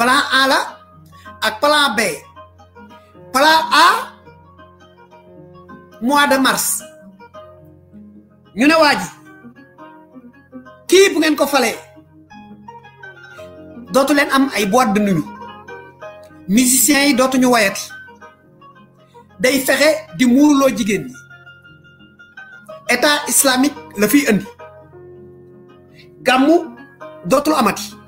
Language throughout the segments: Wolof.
plan A ak plan B plan A mois de mars ñu ne waa ji bu ngeen ko falee dootu leen am ay boîte de nuit musiciens yi dootuñu wayati day fexe di muurloo jigéen ñi état islamique la fiy indi gàmmu dootul amati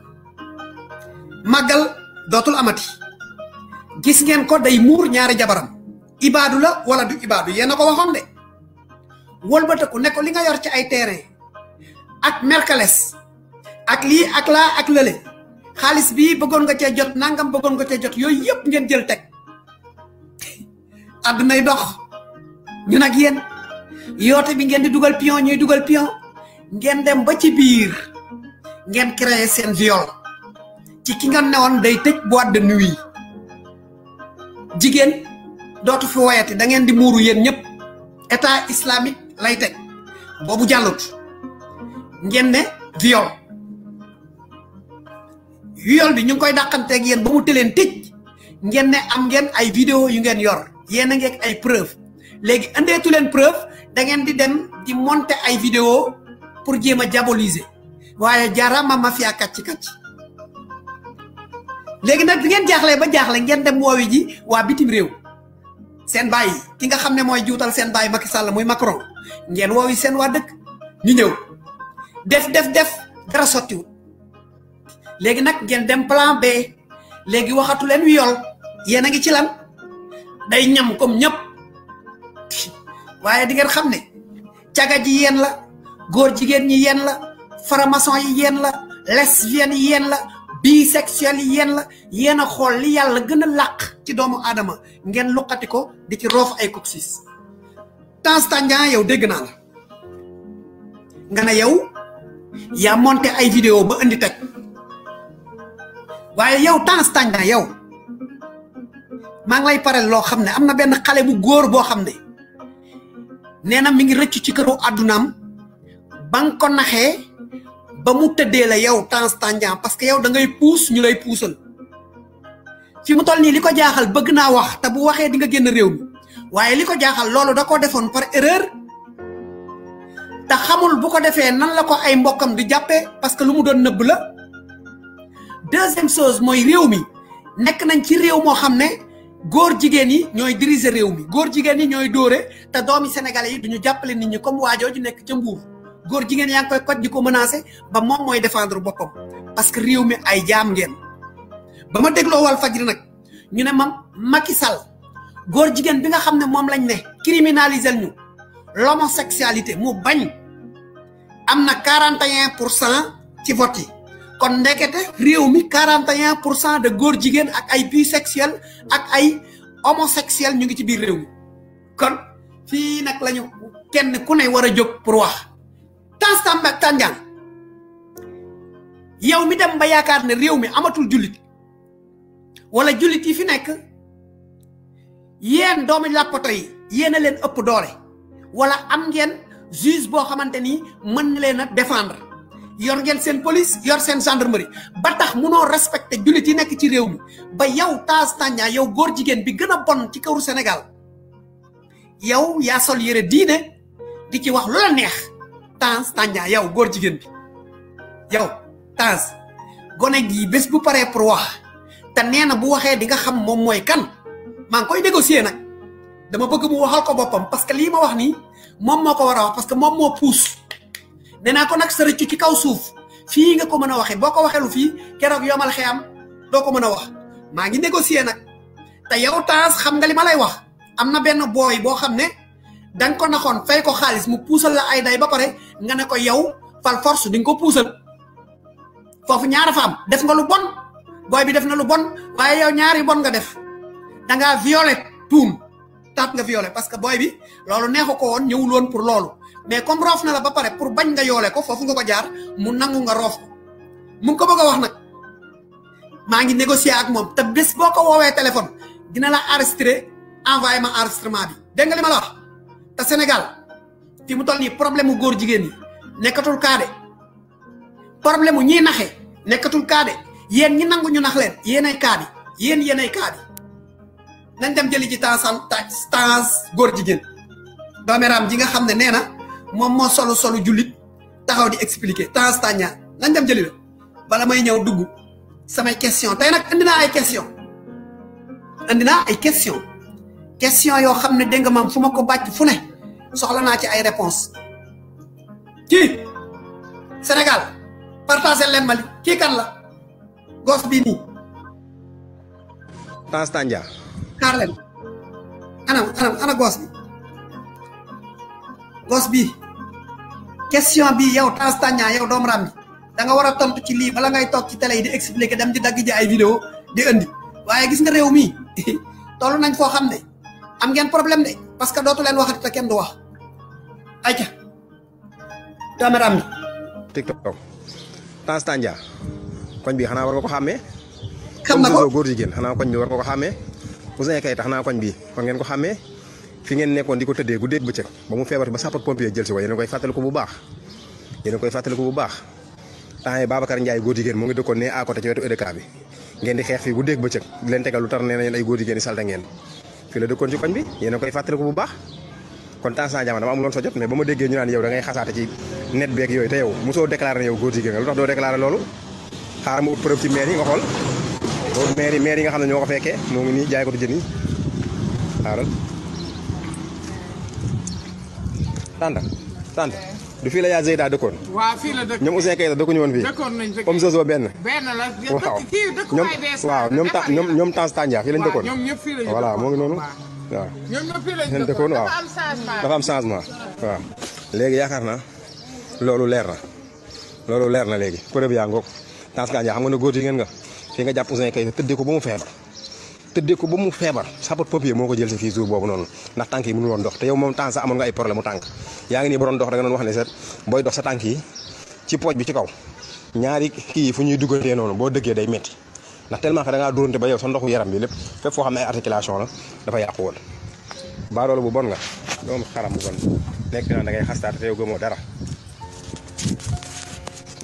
magal dotul amati gis ngeen ko day mur ñaari jabaram ibadu la wala du ibadu yena ko waxon de wëlbataku ne ko li nga yor ci ay terrain ak merkales ak li, ak la, ak lele khalis bi beggon nga ci jot nangam beggon nga ci jot yoy yep ngeen jël teg dox ñu nak yeen yote bi ngeen di dugal pion ñuy dugal pion ngeen dem ba ci bir ngeen créer sen viol ci ki nga newon day tej boîte de nuit jigen dotu fi wayati da ngeen di muru yeen ñep état islamique lay tej bobu jallut ngeen ne viol viol bi ñu koy dàqanteeg yéen ba mu teleen tej ngeen ne am ngeen ay vidéo yu ngeen yor yeen nga ak ay preuve léegi tu leen preuve da ngeen di dem di monter ay vidéo pour jema a diaboliser waaye jaarama mafia kàcc légui nak bi ngeen jaxlé ba jaxlé ngeen dem wowi ji wa bitim rew sen bay ki nga xamné moy joutal sen bay Macky Sall moy Macron ngeen wowi sen wa dekk ñu ñew def def def dara wu légui nak ngeen dem plan B légui waxatu len wi yol a ngi ci lan day ñam comme ñep waye di ngeen xamné ciaga ji yeen la gor jigen ñi yeen la faramason yi yeen la lesbienne yi yeen la bisexuel yen la yen xol li yalla gëna laq ci doomu adama ngeen luqati ko di ci roof ay coccyx Tange Tandian yow dégg na la nga na yow ya monté ay vidéo ba andi tek waye yow Tange Tandian yow ma ngi lay parel loo amna ben na bu goor bo xam ne mi ngi rëcc ci bang ko naxé ba mu tëddee la yow temps tànjaan parce que yow da ngay puus ñu lay puusal fi mu toll nii li ko jaaxal bëgg naa wax te bu waxee di nga génn réew mi waaye li ko jaaxal loolu da ko defoon par erreur te xamul bu ko defee nan la ko ay mbokkam di jàppee parce que lu mu doon nëbb la deuxième chose mooy réew mi nekk nañ ci réew moo xam ne góor jigéen yi ñooy diriger réew mi góor jigéen yi ñooy dóore te doomi sénégalais yi duñu jàppale nit ñi comme ju nekk ca mbuur gor yang yang koy kot diko menacer ba mom moy défendre bopam parce que réew mi ay jam ngeen ba ma wal fajr nak ñu ne mam Macky Sall gor jigen bi nga xamne mom lañ ne criminaliser ñu l'homosexualité mu bañ amna 41 ci vote kon ndekete mi 41 de gor jigen ak ay bisexuel ak ay homosexuel ñu ngi ci bir kon fi nak lañu kenn ku ne wara jog pour wax tas tamba tanjang yow mi dem ba yakar ne amatul julit wala julit yi fi nek yeen domi làppato yi yeena len upp doore wala am ngeen juge bo xamanteni ni na défendre yor ngeen sen police yor sen gendarmerie ba tax munoo respecter julit yi nek ci réew mi ba yow taas tàññaa yow gor jigen bi gën bon ci Sénégal yow ya sol yere diine di ci wax lu la neex tans tanya yow gor jigen bi yow tans gone gii bes bu pare pour wax ah. ta neena bu waxe di nga xam mom moy kan mang koy négocier nak dama bëgg mu waxal ko bopam parce que li ma wax ni mom moko wara wax parce que mom mo pousse nee ko nak sa rëccu ci kaw suuf fi nga ko mëna waxe boko waxelu fi kérok yomal xiyam do ko mëna wax ma ngi négocier nak ta yow tans xam nga li ma lay wax amna ben boy bo xamne ne dang ko naxoon fay ko khalis mu pousal la ay day ba pare nga ne ko yow fal force ding ko pousal fofu ñaara fam def nga lu bon boy bi def na lu bon waye yow ñaari bon nga def da nga violet tuum tap nga violet parce que boy bi lolu neexu ko won ñewul won pour lolu mais comme rof na la ba pare pour bañ nga yole ko fofu nga ko jaar mu nangu nga rof mu ko bëgg a wax nak ma ngi négocier ak mom te bes boko wowe téléphone dina la enregistrer envoyer ma enregistrement bi deng nga lima la wax ta Senegal, fi mu toll problème mu góor jigéen yi nekkatul kaa problème ñi naxé nekatul nekkatul yeen ñi nangu ñu nax leen yeen ay bi yeen yeen ay bi nañ dem jëli ji tansal tans jigen do meram ji nga mom mo solo solo julit taxaw di expliquer tans tanya nañ dem jëli la bala may ñew dugg sama question tay nak andina ay question andina ay question question yo xamne ne dégg nga maam fu ko bacc fu ne soxla na ci ay réponse ki Sénégal partager len mali ki kan la goos bi ni Tange Tandian. xaar ana ana ana goos bi goos bi question bi yow Tange Tandian yow dom ram da nga wara tontu ci li bala ngay tok ci télé yi di expliquer dem di dag ji ay vidéo di andi waye gis nga rew mi tolu nañ ko xamné am ngeen problème de parce que dootu leen waxati te kenn du wax ca caméra am tiktok Tange Tandian koñ bi xana war ko xamé xam na ko goor jigen xana koñ bi war xamé bu xàmmee kay tax na koñ bi war ngeen ko xamé fi ngeen nekkon di teddé tëddee guddeeg bëccëg ba mu feebar ba sapeur pompier jël ci way yéen koy ko bu baax yéen koy ko bu baax tay babakar ndjay goor jigen mo ngi ne à côté ci wétu édeka e bi ngeen di xex fi guddeeg bëccëg di leen lu tar né ay goor jigen salte ngeen fi la dekon ci koñ bi yéen ya, a fatale ko bu baax kon temps sa jamono dama amuloon so jot mais bama dege ñu nan yow da ngay xassata ci net beeg yoy te yow muso déclarer ne yow goor jigéen nga lu tax doo déclaré loolu xaaral ma ut preuve ci maire yi nga xol loolu maire yi maire yi nga xam ñoko fekke mo ngi ni jaay ko du jën yi xaaral tànta tànta du fii la yaa Zeyda dëkkoon. waaw fii la dëkkoon ñoom Ouzin Keita dëkkuñu woon fii. dëkkoon nañ dëkk benn. benn la waaw ñoom ñoom ñoom Tange Tandian fii lañ dëkkoon. waaw voilà moo ngi noonu. waaw ñoom ñëpp fii dëkkoon waaw dafa am changement waaw. léegi yaakaar na loolu leer na loolu leer na léegi preuve yaa ngoog Tange Tandian xam nga ne góor jigéen nga fii nga jàpp Ouzin Keita tëddee ko ba mu feebar tedde ko ba mu feebar sapeur pop moo moko jël ci fii jour bobu non ndax tanki mënu won dox te yow mom temps amon nga ay problème tank tànk yaa ngi dox da nga non wax ni set boy dox sa tanki ci poj bi ci kaw ñaari ki yi fu ñuy dugalee noonu boo dëggee day metti ndax tellement que da nga dóorante ba yow sa ndoxu yaram bi lepp fépp fo xam ay articulation la dafa yaqku won ba loolu bu bon nga doom xaram bu bon nek na da ngay xastaat te yow gëmo dara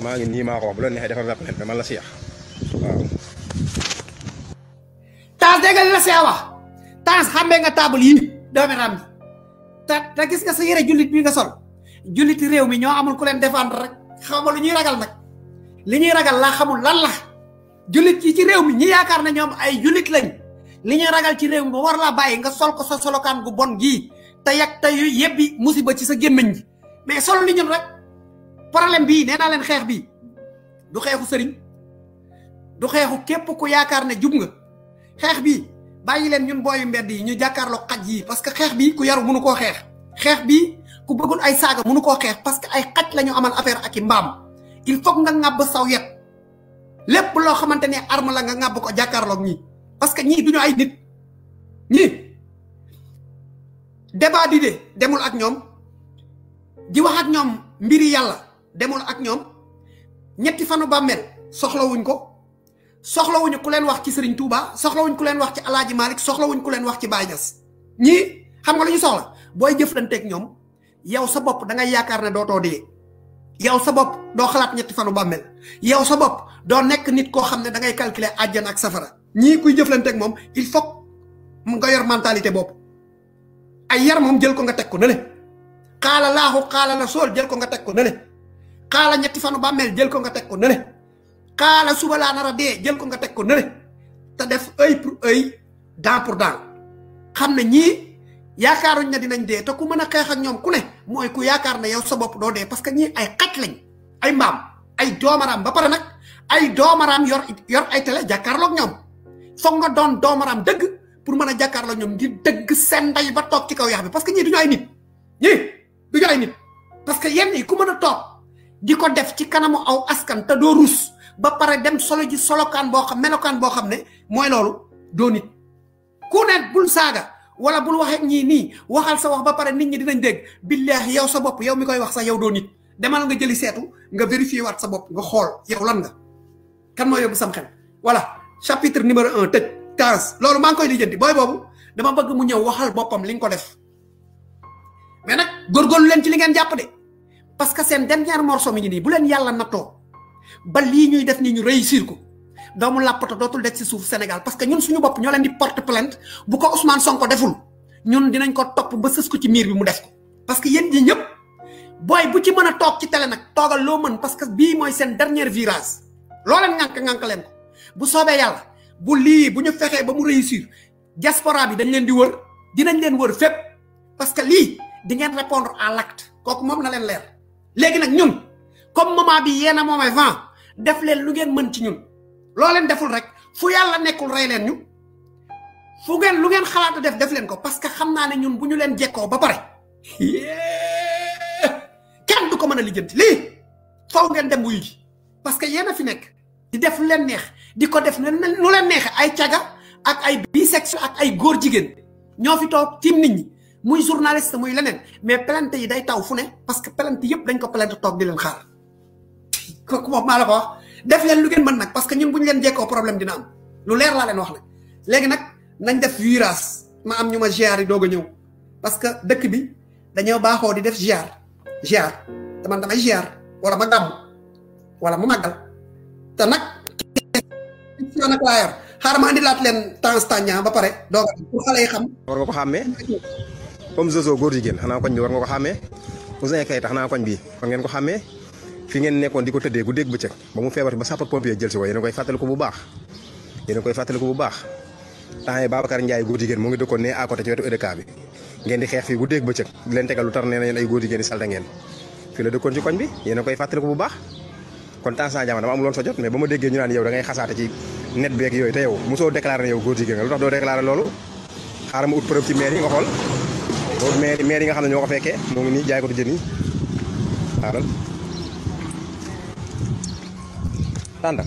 maa ngi nii maa ko wax bu la neexee defal rappel man la si waaw tegal la sewa tans xambe nga table yi do doomi ram ta ta gis nga sa yere julit bi nga sol julit rew mi ño amul ku len défendre rek xamul ñuy ragal nak li ñuy ragal la xamul lan la julit ci ci rew mi ñi yaakar na ñom ay julit lañ li ñuy ragal ci rew mi war la bayyi nga sol ko solo kan gu bon gi te yak te yu yebbi musiba ci sa gemmeñ gi mais solo li ñun rek problème bi neena len xex bi du xexu serigne du xexu kep ku yaakar ne jub nga xex bi bayi len ñun boy mbedd yi ñu jakarlo xaj yi parce que xex bi ku yaru mënu ko xex xex bi ku bëggul ay saaga mënu ko xex parce que ay xaj lañu amal affaire ak mbam il faut nga ngab saw yet lepp lo xamantene arme la nga ngab ko ak ñi parce que ñi duñu ay nit ñi débat di de demul ak ñom di wax ak ñom mbiri yalla demul ak ñom ñetti fanu soxla wuñ ko soxlawuñu ku len wax ci Serigne Touba wuñ ku len wax ci Alaaji Malik wuñ ku len wax ci Baye ñi xam nga luñu soxla boy ak ñom yow sa bop da nga yaakar ne doto de yow sa bop do xalat ñetti fanu bammel yow sa bop do nek nit ko xamne da ngay calculer aljana ak safara ñi kuy ak mom il faut nga yor mentalité bop ay yar mom jël ko nga tek ko nele qala lahu qala rasul jël ko nga tek ko nele qala ñetti fanu bammel jël ko nga tek ko nele kala suba la nara de, jël ko nga tek ko nële ta def œil pour œil dent pour dent xam ñi ñii yaakaaruñ ne dinañ de ta ku mëna xex ak ñom ku ne moy ku yaakaar ne yow sa bop do de parce que ñi ay xat lañ ay mam, ay domaram ba para nak ay domaram yor yor ay télé ak ñom fo nga don domaram deug pour mëna a jàkkaarloog di deug sen day ba tok ci kaw yaax bi parce que ñi duñu ay nit ñi duñu ay nit parce que yenn ku mëna tok diko def ci kanamu aw askan ta do ba pare dem solo ji solokaan bo xam melokaan bo xam ne mooy loolu doo nit ku ne bul saga wala bul wax ak ñi ni waxal sa wax ba pare nit ñi dinañ deg billahi yow sa bop yow mi koy wax sa yow do nit demal nga jëli seetu nga vérifier wat sa bop nga xol yow lan nga kan moo yóbbu sam xel wala chapitre numéro 1 tëj taas lolu ma ngi koy lijeenti boy bobu dama bëgg mu ñew waxal bopam li nga ko def mais nag góorgóorlu leen ci li ngeen japp de parce que seen dernier morceau mi ngi bu len yalla natto ba li ñuy def ni ñu réussir ko doomu làppato dootul des ci suuf Sénégal parce que ñun suñu bopp ñoo leen di porte plainte bu ko Ousmane Sonko deful ñun dinañ ko topp ba sës ko ci miir bi mu def ko parce que yeen ñi ñëpp boy bu ci mëna toog ci télé nag toogal loo mën parce que bii mooy seen dernier virage loo leen ngànk ngànk leen ko bu soobee yàlla bu lii bu ñu fexee ba mu réussir diaspora bi dañ leen di wër dinañ leen wër fépp parce que lii di ngeen répondre à l'acte kooku moom na leen leer léegi nag ñun comme moment bi yéen a moomee vent def leen lu ngeen mën ci ñun loo leen deful rek fu yàlla nekkul rey leen ñu fu ngeen lu ngeen xalaat def def leen ko parce que xam naa ne ñun bu ñu leen jekkoo ba pare kenn ko mën a lijjanti lii faw ngeen dem wuyu parce que yéen fi nekk di def lu leen neex di ko def lu leen neex ay caga ak ay bisexuel ak ay góor jigéen ñoo fi toog tiim nit ñi muy journaliste muy leneen mais plainte yi day taw fu ne parce que plainte yëpp dañ ko plainte toog di leen xaar kooku maa mala ko wax def len lu gene man nak parce que ñun buñu len jéko problème dina am lu leer la len wax nak légui nak nañ def virus ma am ñuma ma ziar yi parce que dëkk bi dañu baxo di def ziar ziar dama dama damay ziar wala ma dam wala mu magal te nak ci nak la yar xaaral ma andi lat len temps tàññaa ba paré do pour xalé xam. war nga ko xamé comme Zozo góor jigéen xana ko ñu war nga ko kay tax na ko ñu bi ko ngeen ko xamé fi ngeen nekkoon di ko tëddee gu dégg bëccëg ba mu feebar ba sapeur pompier jël si ko yéen a koy fàttaliku bu baax yéen a koy fàttaliku bu baax temps yi Babacar Ndiaye góor jigéen mu ngi dëkkoon ne à côté ci wetu EDK bi ngeen di xeex fii gu dégg bëccëg di leen tegal lu tar nee na yéen ay góor jigéen yi salte ngeen fii la dëkkoon ci koñ bi yéen a koy fàttaliku bu baax kon temps saa jamono dama amul woon sa jot mais ba ma déggee ñu naan yow da ngay xasaate ci net beeg yooyu te yow mosoo déclaré ne yow góor jigéen nga lu tax doo déclaré loolu xaaral ma ut preuve ci maire yi nga xool loolu maire yi nga xam ne ñoo ko fekkee moo ngi nii jaay ko du jëni yi xaaral tànta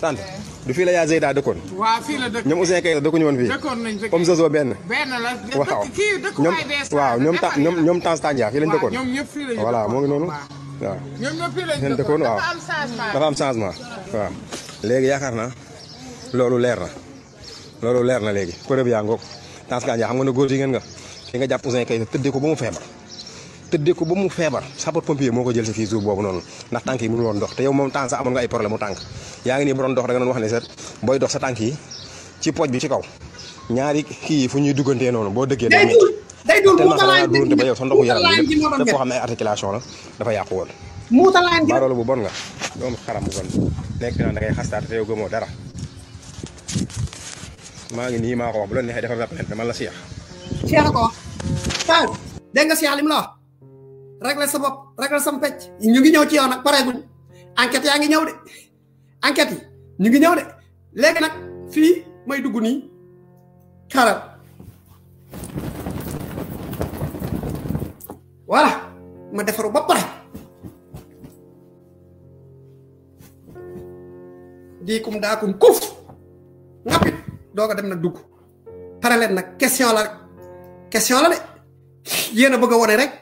tànta du fii la yaa Zeyda dëkkoon. waaw dëkkoon ñoom Ouzin Keita dëkkuñu woon fii. dëkkoon nañ benn. benn la waaw ñoom ñoom ñoom Tans Tandia fii lañ dëkkoon. waaw voilà moo ngi noonu. waaw ñoom am changement. waaw léegi yaakaar na loolu leer na loolu leer na léegi preuve yaa ngoog Tans Tandia xam nga ne góor jigéen nga ki nga jàpp Ouzin Keita tëddee ko ba mu feebar tedde ko ba mu feebar sapeur pompier moko jël si fi jour bobu non ndax tanki mu won dox te yow mom tan sa amoon nga ay problème mu tànk yaa ngi nii bu doon dox da nga doon wax ne set boy dox sa tanki ci poj bi ci kaw ñaari ki fu ñuy bo noonu boo dëggee day duul muutalaan bi ba yow sa ndoxu yaram bi lépp foo xam ne articulation la dafa yàqu woon muutalaan gi loolu bu bon nga doomu xaram bu bon nek na da ngay xastaat te yow gëmo dara ma ngi ni ma ko wax bu la neexee dafa rappelé dama la seex seex ko wax dégg nga seex li mu la régler sa bopp régler sa pecc ñu ngi ñëw ci yow nag pareeguñ enquêtes yaa ngi ñëw de enquêtes ñu ngi ñëw de léegi nag fii may dugg nii xaaral voilà ma defaru ba pare diikum daakum kuuf ngappit doo ko dem na dugg pare leen nag question la rek question la de yéen a bëgg a wone rek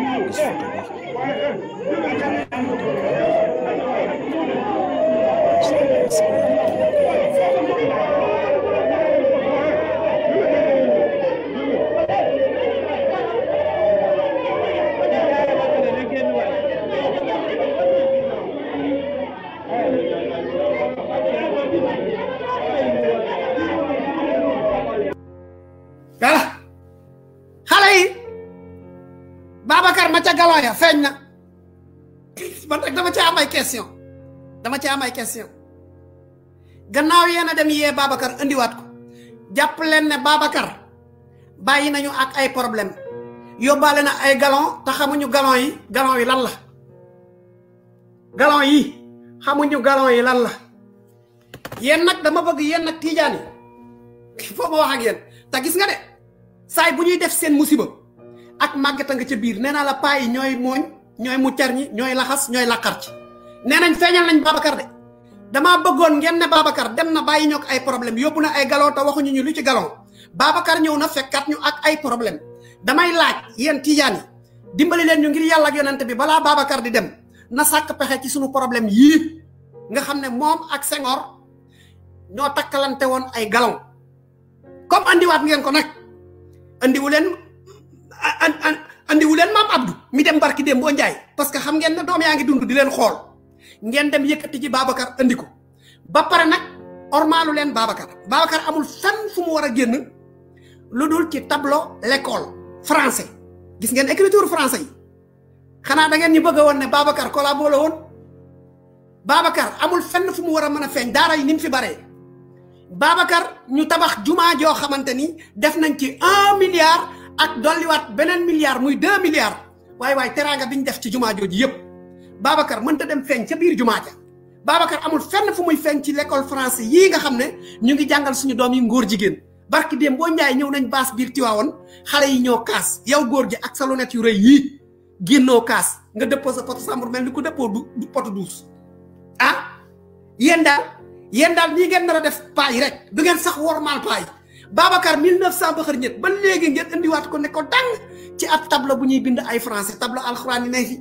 です。Sariya feeñ e e na man rek dama ci am ay question dama ci am ay question gannaaw yéen dem yee Babacar andiwaat ko jàpp leen ne Babacar bàyyi nañu ak ay problème yóbbaale na ay galon te xamuñu galon yi galon yi lan la galon yi xamuñu galon yi lan la yéen nag dama bëgg yéen nag tiijaan yi foo wax ak yéen te gis nga de saay bu def seen musiba ak màggata nga ci biir nee naa la paa yi ñooy mooñ ñooy muccar ñi ñooy laxas ñooy lakkar ci nee nañ feeñal nañ Babacar de damaa bëggoon ngeen ne Babacar dem na bàyyi ñoo ay problème yóbbu na ay galon te waxuñu ñu lu ci galon Babacar ñëw na fekkat ñu ak ay problème damay laaj yéen tijaan yi dimbali leen ñu ngir yàlla ak yonante bi balaa Babacar di dem na sàkk pexe ci suñu problème yii nga xam ne moom ak Senghor ñoo takkalante woon ay galon comme andiwaat ngeen ko nag andi wulen. an andiwu leen maam Abdou mi dem barki dem boo njaay parce que xam ngeen ne doom yaa ngi dund di leen xool ngeen dem yëkkati ci Babacar andi ko ba pare nag ormaalu leen Babacar Babacar amul fenn fu mu war a génn lu dul ci tableau l'école français gis ngeen écriture français yi xanaa da ngeen ñu bëgg woon ne Babacar collabo la amul fenn fu mu war a mën a feeñ daara yi ni mu bare baree Babacar ñu tabax jumaa joo xamante ni def nañ ci un milliard ak wat benen milliard muy 2 milliards way way teranga biñ def ci joji yeb babakar mën ta dem feeñ ci bir juma ja babakar amul fenn fu muy feeñ ci l'école français yi nga xamne ñu ngi jangal suñu doom yi ngor jigen barki dem bo ñay ñew nañ baas bir tiwaawoon xalé yi ñoo kaas yow gor ji ak salonette yu reuy yi gino kaas nga dëppoo sa poto sàmbur mel ni ko dëppoo du pot douce ah yéen daal yéen daal nii ngeen def pay rek du ngeen sax wormal pay babakar 1900 ba xër ñet ba léegi ngeen wat ko ne ko dang ci at tableau bu ñuy bind ay français tableau alcorane ne fi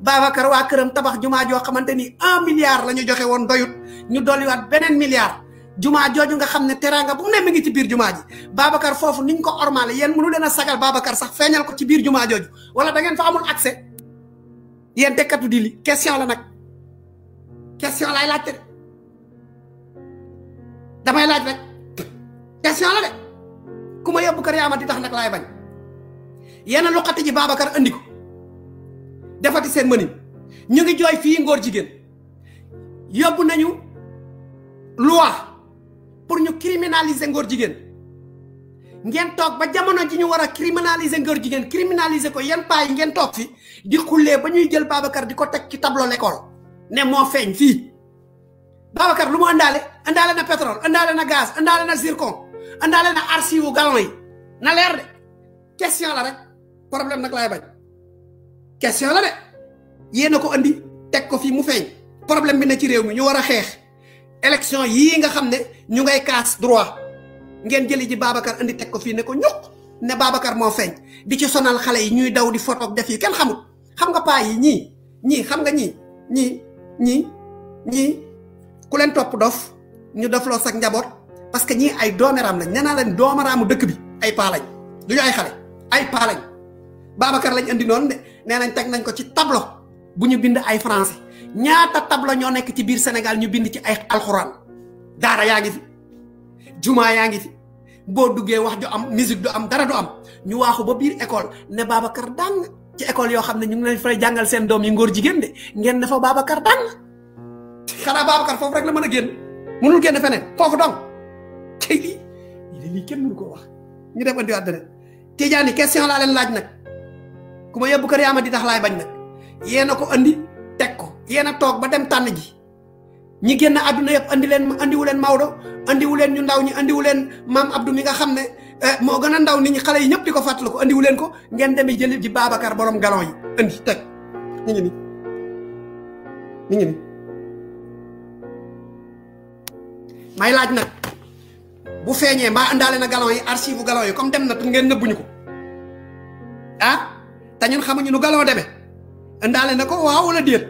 babakar wa kërëm tabax juma jo xamanteni 1 milliard lañu joxé won doyut ñu wat benen milliard juma joju nga xamne ne teranga bu ne mi ngi ci bir juma ji babakar fofu niñ ko ormale yeen mënu leena sagal babakar sax feñal ko ci bir juma joju wala da ngeen fa amul accès yéen dekkatu di li question la nak question rek damay laaj rek Ya, ala de kuma yobbu yóbbu kër tax nak lay bañ yenn ya, luqati ji babakar andiko defati sen mënin ñu ngi joy fi ngor jigen yobbu ya, nañu loi pour ñu criminaliser ngor jigen ngeen tok ba jamono ji ñu wara criminaliser ngor jigen criminaliser ko yeen pay ngeen tok fi di xullee ba ñuy jël babakar di tek ci tableau l'école ne mo feñ fi babakar lu mo andale andale na pétrole andale na gaz andale na zircon andale na arsiwu wu na leer de question la rek problème nak lay bañ question la de yéen ko andi tek ko fi mu feñ problème bi na ci réew mi ñu wara xex élection nga xam ñu ngay kaas droit ngeen jëli ji babakar andi tek ko fi ne ko ñuk ne babakar mo feñ di ci sonal xalé yi ñuy daw di photo def yi kenn xamul xam nga pa yi ñi ñi xam nga ñi ñi ñi ñi ku len top dof ñu daflo sak njabot parce que ñi ay ram lañ nee naa leen ramu dëkk bi ay pa lañ duñu ay xalé ay pa lañ babakar lañ andi non de nee nañ teg nañ ko ci tableau buñu bind ay français ñaata tableau ño nekk ci biir sénégal ñu bind ci ay alcorane dara yaangi fi juma yaangi fi bo duggé wax ju am musique du am dara du am ñu waxu ba biir école ne babakar dang ci école yo xam ne ñu ngi lay fay jangal seen doom yi ngor jigen de ngeen dafa babakar dang xanaa babakar fofu rek la mëna a génn mënul génn feneen fofu dong tey lii lii kenn mënu ko wax ñu dem andiwaat dara Tijaan yi question laa leen laaj di tax laay bañ nak yéen ko andi tek. ko yéen iya a toog ba dem tànn ji ñi andiulen àdduna yëpp andi leen andiwu leen Maodo andiwu leen ñu ndaw ñi andiwu leen maam Abdou eh, mi nga ndaw ñi yi di ko fàttaliku andiwu ko ngeen demee jëli di Babacar borom galon yi andi tek. ñu ngi ni ñu may laaj bu feñé ma andalé na galon yi archive galon yi comme dem na ngeen nëbbuñu ko ah ta ñun xamuñu nu galon débé andalé nako waaw wala déet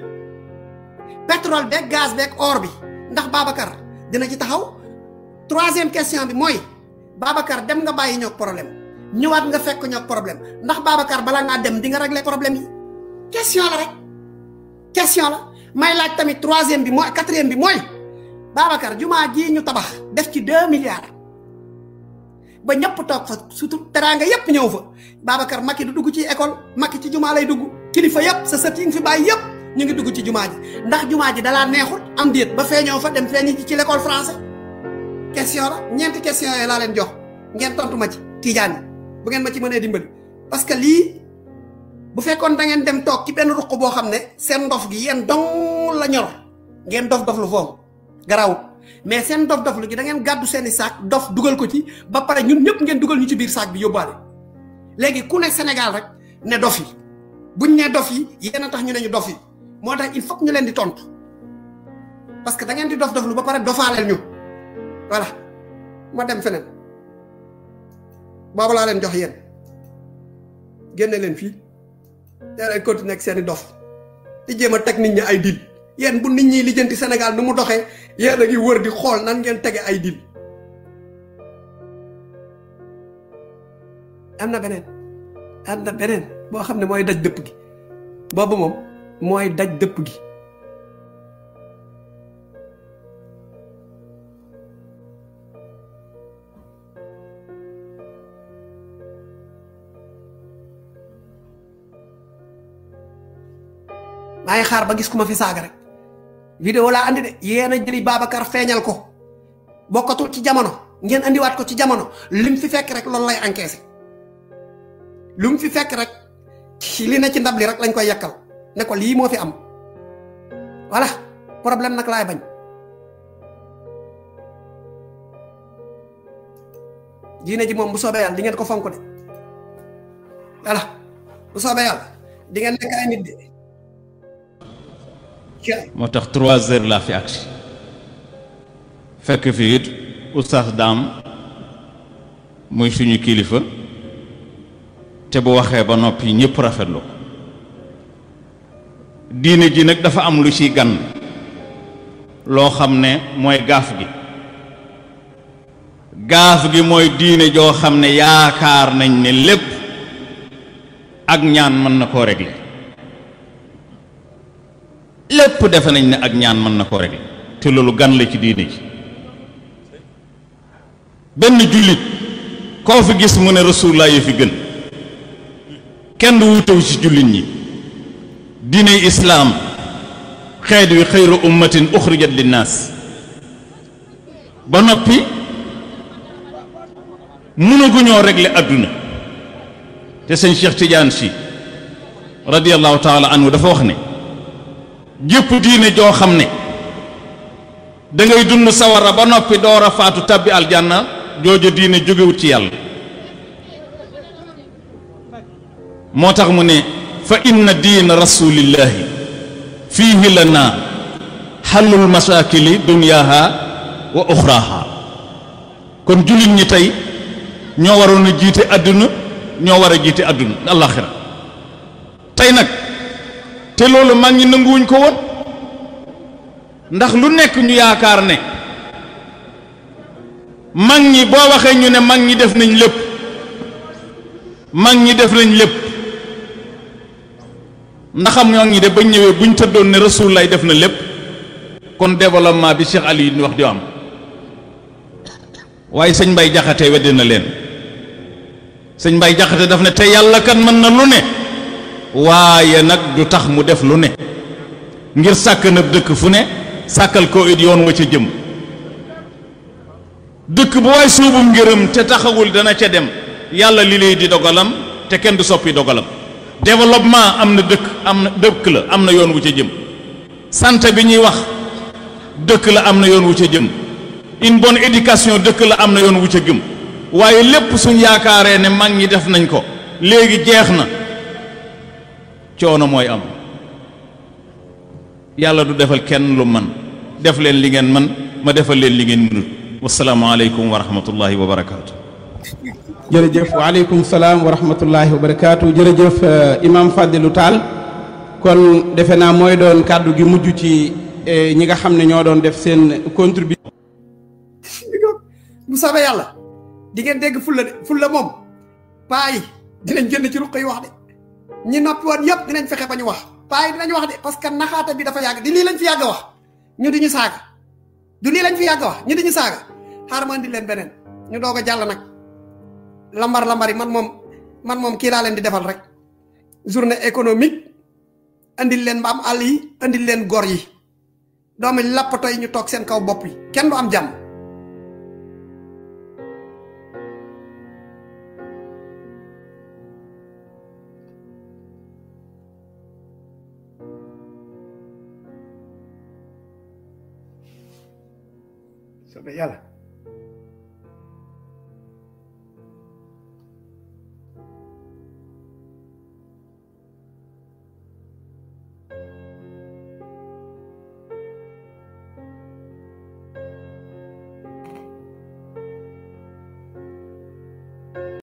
pétrole beeg gaz beeg or bi ndax Babacar dina ci taxaw troisième question bi moy Babacar dem nga bayi ñok problème ñëwaat nga fekk ñok problème ndax Babacar bala nga dem di nga régler problème yi question la rek question la may laaj tamit troisième bi moy quatrième bi moy Babacar juma ji ñu tabax def ci 2 milliards ba ñep tok fa sutu teranga yep ñew fa babakar makki du dugg ci école makki ci juma lay dugg kilifa yep sa sët yi nga fi bàyyi yep ñu ngi dugg ci juma ji ndax juma ji la neexul am diit ba feeñoo fa dem feeñi ci l'école français question la ñent question la leen jox ngeen tontu ma ci tidiane bu ngeen ma ci dimbali parce que li bu fekkon da ngeen dem tok ci ben ruq bo xamne ne ndof gi yeen dong la ñor ngeen dof dof lu garawut mais seen dof-dof lu gi da ngeen gàddu seeni i saak dof dugal ko ci ba pare ñun ñëpp ngeen dugal ñu ci biir saak bi yóbbaale léegi ku nekk Sénégal rek ne dof yi buñ ne dof yi yéen a tax ñu ne ñu dof yi moo tax il faut ñu leen di tontu parce que da ngeen di dof-dof ba pare dofaaleel ñu voilà ma dem feneen boobu laa leen jox yéen génne leen fii teel ay continuer ak seen i dof a teg nit ñi ay diil yéen bu nit ñi lijjanti Sénégal nu mu doxee yéen a ngi wër di xool nan ngeen tege ay dil am na beneen am na beneen boo xam ne mooy daj dëpp gi boobu moom mooy daj dëpp gi maa xaar ba gis kuma fi saaga rek Video la andi de yena jeli babakar feñal ko bokkatul ci jamono ngeen wat ko ci jamono lim fi fek rek lolou lay encaissé lum fi fek rek ci li na ci ndab li rek lañ koy yakal ne ko li mo fi am wala problème nak lay bañ diina ji mom bu sobe yàlla di ngeen ko fonku de wala bu sobe yàlla di ngeen nek ay nit de moo tax trois heures laa fi agsi fekk fi it daam muy suñu kilifa te bu waxee ba noppi ñëpp rafetlu ko diine ji nag dafa am lu ciy gan loo xam ne mooy gaaf gi gaaf gi mooy diine joo xam ne yaakaar nañ ne lépp ak ñaan mën na koo régler lépp def nañ ne ak ñaan man na koo régler te loolu gan la ci diine ji benn jullit koo fi gis mu ne rasulullah yi fi gën kenn wuutewu ci jullit ñi diine islam xeet wi xayru ummatin uxrijat linnaas ba noppi mënaguñoo régler àdduna te sëñ Cheikh Tidiane si radiyallahu taala anhu dafa wax ne jëpp diine joo xam ne da ngay dund sawara ba noppi door a faatu tabbi aljanna jooju diine jógewut ci yàlla moo tax mu ne fa inna diina rasulillahi fiihi lana xallul masaakili duniyaaha wa uxraaha kon jullit ñi tey ñoo waroon a jiite àdduna ñoo war a jiite àdduna àllaaxira tey nag te loolu mag ñi nanguwuñ ko woon ndax lu nekk ñu yaakaar ne mag ñi boo waxee ñu ne mag ñi def nañ lépp mag ñi def nañ lépp ndaxam ak ñi de bañ ñëwee buñ tëddoon ne rasul lay def na lépp kon développement bi Cheikh Ali wax di am waaye sëñ Mbay Jaxate weddi na leen sëñ Mbay Jaxate daf ne te yàlla kat mën na lu ne waaye nag du tax mu def lu ne ngir sàkk na dëkk fu ne sàkkal ko it yoon wa ca jëm dëkk bu waay suubum ngërëm te taxawul dana ca dem yàlla li lay di dogalam te kenn du soppi dogalam développement am na dëkk am na dëkk la am na yoon wu ca jëm sant bi ñuy wax dëkk la am na yoon wu ca jëm une bonne éducation dëkk la am na yoon wu ca jëm waaye lépp suñ yaakaaree ne mag ñi def nañ ko léegi jeex na coono mooy am yàlla du defal kenn lu man def leen li man ma defal leen li ngeen mënut wasalaamaaleykum wa rahmatullahi waaleykum salaam wa rahmatullahi jërëjëf uh, imaam Fadilou Tall kon defe naa mooy doon kàddu gi mujj ci e, ñi nga xam ne ñoo doon def seen contribution. yàlla di ngeen dégg fulla de fulla moom paa yi dinañ ci ruq yi wax de. ñi noppi woon yëpp dinañ fexe ba ñu wax waaye dinañ wax de parce que naxaate bi dafa yàgg di lii lañ fi yàgg wax ñu di ñu saaga du lii lañ fi yàgg wax ñu di ñu saaga xaaral ma indi leen beneen ñu doog a jàll nag lambar lambar yi man moom man moom kii laa leen di defal rek journée économique andil leen mbaam àll yi andil leen gor yi doomi lappatoo yi ñu toog seen kaw bopp yi kenn du am jàmm. Yeah.